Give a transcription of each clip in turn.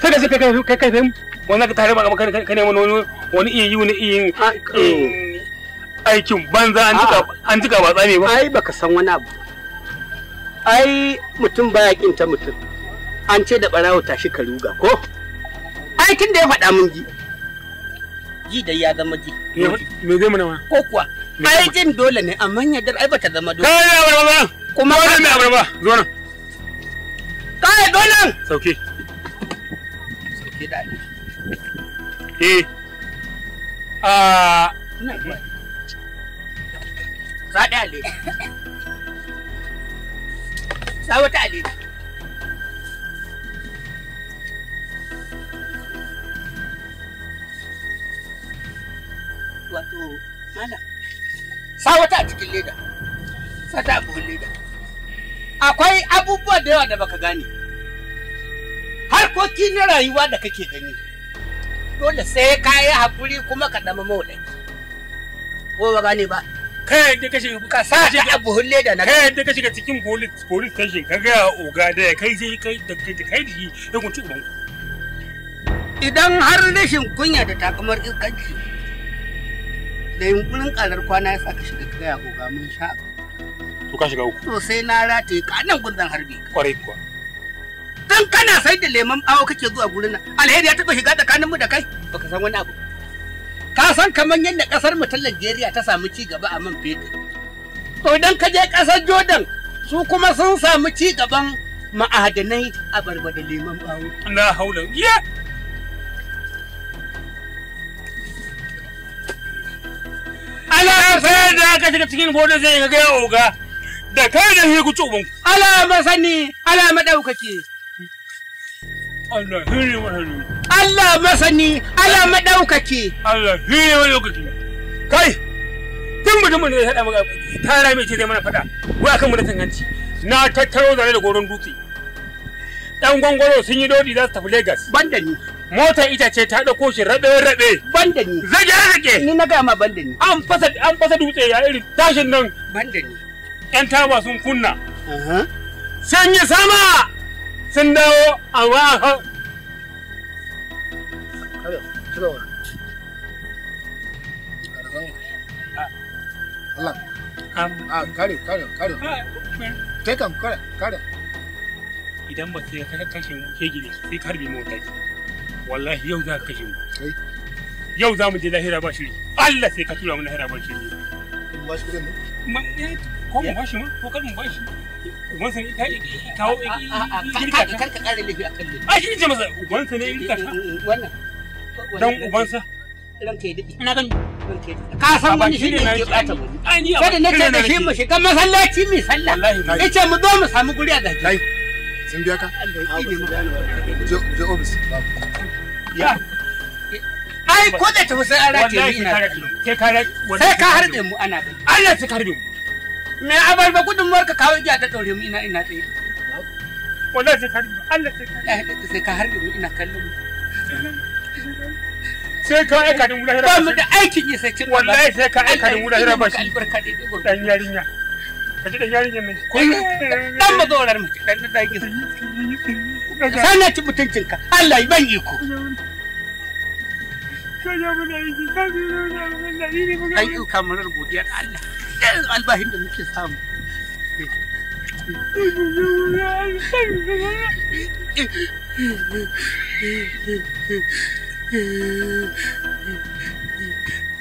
sai da sai kai kai sai wannan ka tare ba ka kan wani wani iya yi wani iya aikin banza an jika ah. an jika ba tsame ba ai baka san wani abu ai mutum baya kin ta mutum an ce da barawo tashi ka ruga ko ai tun da ya faɗa mun ji ji da ya zama ji me zai mana ko kuwa ai jin dole ne amma dar ai bata zama dole kai ya barba kuma wannan me barba zo nan kai dole sauke fiye Ah. Sa wata a cikin leda. Sa ta abubuwan leda. Akwai abubuwa da yawa da baka gane. harkoki na rayuwa da kake gani dole sai ka yi hakuri kuma ka dama mawadai ko ba gane ba ka yadda ka shiga ka sa shi a buhun da na ka yadda ka shiga cikin police police station ka ga oga da kai sai kai da kai da kai da shi ya kunci uban idan har rashin kunya da takamar iskanci da yunkurin kalar kwana ya saka shiga ka ga oga mun sha to ka shiga uku to sai na rataye ka nan gundan harbi kwarai kuwa san kana sai da lemon awo kake zuwa gurin nan alheri ya taba shiga mu da kai baka san wani abu ka san kaman yadda kasar mu ta Najeriya ta samu ci gaba a man fetur to idan ka je kasar Jordan su kuma sun samu ci gaban ma'adanai a barba da lemon bawo na haula ya Ala sai da aka shiga cikin bodo zai ga oga da kai da shi ku uban. Ala masani, ala madaukake. Allah shine masani. Allah masani, Allah madaukaki. Allah shine madaukaki. Kai, tun mutumin da ya haɗa maka tara mai ce zai mana faɗa, wai akan mutum hanci. Na tattaro zare da goron dutse. Ɗan gwangwaro sun yi dodi za su tafi Legas. Banda ni. Mota ita ce ta ɗauko shi rabe Ban Banda ni. Zage rage. Ni na gama banda ni. An fasa an fasa dutse ya irin tashin nan. Banda ni. Yan taba sun kunna. Sanya sama. sun dawo a Allah. Ah, ah, Idan ba sai ka kashe mu ke gine sai mu Wallahi yau za ka kashe mu. Yau za mu je lahira ba shiri. Allah sai ka tura mu lahira ba shiri. ba shi kudin ma ko mu ba shi ma ko kar mu ba shi uban sa kawo girka ka kar ka kare laifi akan laifi a shi ne masa uban sa girka wannan uban sa ranka ya ina gani ka san wani shi ne ke mu kada na ce da shi mu shiga masallaci sallah mu zo mu samu guri a daji sun biya ka je ya ai ko da tafi sai an rataye ni ina sai ka harbe mu ana kai Allah sai ka mu me abar ba gudunmuwar ka kawo giya ta daure mu ina ina tsaye wallahi sai ka Allah sai ka harbe mu ina kallon mu sai ka aika din wula hira ba da aikin yi sai kin wallahi sai ka aika din wula ba shi dan yarinya ka ji dan yarinya mai dan mazorar mu dan dan dagi sanati mutuncinka Allah ya ban iko ayyuka marar godiyar Allah irin albahin da muke samu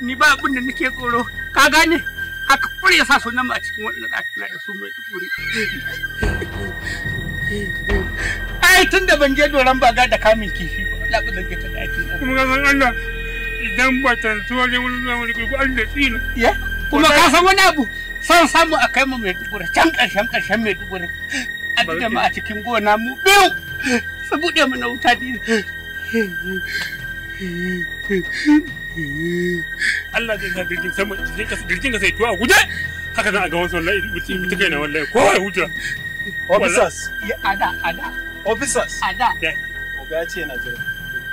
ni ba abin da nake tsoro ka gane aka kure sa sunan a cikin wannan ɗakina da su mai tukuri ai tun da ban je doron baga da kamun kifi ba Allah ba zan ta ɗakin kuma ga Allah idan ba so ne wani zama da kuma da Ya? Kuma ka san wani abu san samu a kai mu can ƙarshen ƙarshen A mu a cikin gona mu biyu su mana wuta Allah zai sa jirgin sama jirgin ka sai tuwa a guje haka zan a ga wasu wallahi ita kai na wallahi Officers. Ada, ada. Officers. Ada. Oga ce na jira.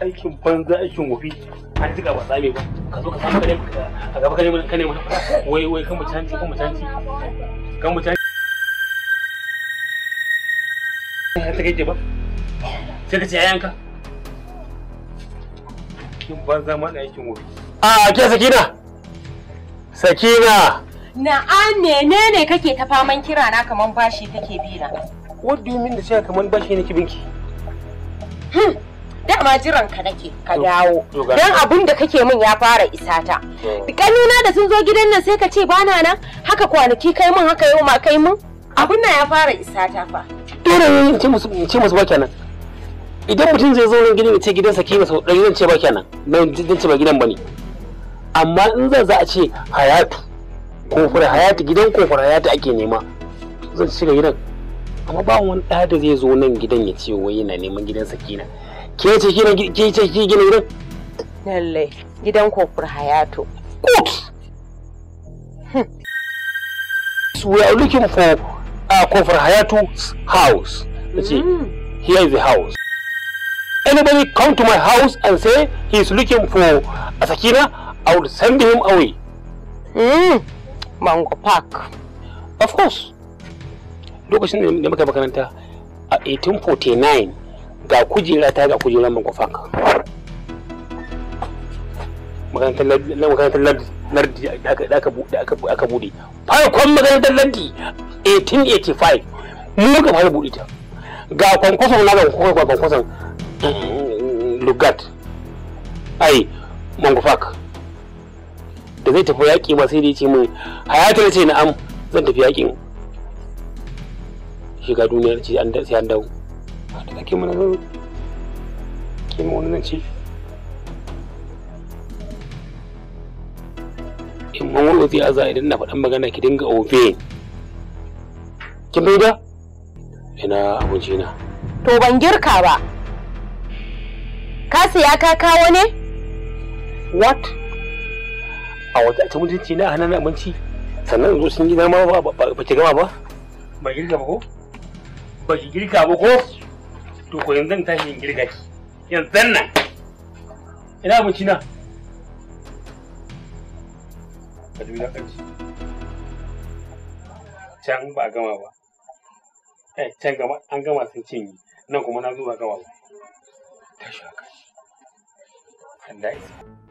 aikin banza aikin wofi an ji gaba tsame ba ka zo ka samu kane a gaba kane kane wai wai kan mutanci kan mutanci kan mutanci ya ta gaje ba sai ka ce yayanka aikin banza ma aikin wofi a ke sakina sakina na'am menene kake ta faman kira na kamar bashi take bina what do you mean da cewa kamar bashi ne kibinki hmm dama jiran ka nake ka dawo dan abin da kake min ya fara isata Ƙanina da sun zo gidan nan sai ka ce bana nan haka kwanaki kai min haka yau ma kai min Abun nan ya fara isata fa dole ne ce musu ce musu ba kenan idan mutum zai zo wurin gidan ce ce sa kima sau ɗari zan ce ba kenan ban zan ce ba gidan bane amma in zan za a ce hayatu kofar hayatu gidan kofar hayatu ake nema zan shiga gidan amma ba wani ɗa da zai zo nan gidan ya ce wai yana neman gidan sakina ke ce gina ke ce gina gidan lalle gidan kokur hayato hm. we are looking for a uh, kofar hayato's house ce mm. here is the house anybody come to my house and say he is looking for a sakina i would send him away mm. mango park of course lokacin da muka makaranta a 1849 ga kujera ta ga kujeran bankofan makarantar lardi da aka bude farkon makarantar lardi 1885 mu ga fara bude ta ga kwankwason na ga kwankwason mm, lugat ai mangufak da zai tafi yaƙi ba sai da ya ce min hayatar ce am zan tafi yaƙin shiga duniyar ce sai an dawo ba da take mana zan ke ma wani ce in ma wani zai aza idan na faɗan magana ki dinga ofe kin bai da ina abinci na to ban girka ba ka siya ka kawo ne what a wata ta mutunci na hannun abinci sannan zo sun gida ma ba ba ba ba ba ba girka ba ko ba girka ba ko to ko yanzu zan tashi in girga ki yanzu nan ina abinci na ka dubi na kanci can ba a gama ba eh can gama an gama sun cinye nan kuma na zo ba gama ba tashi haka Allah ya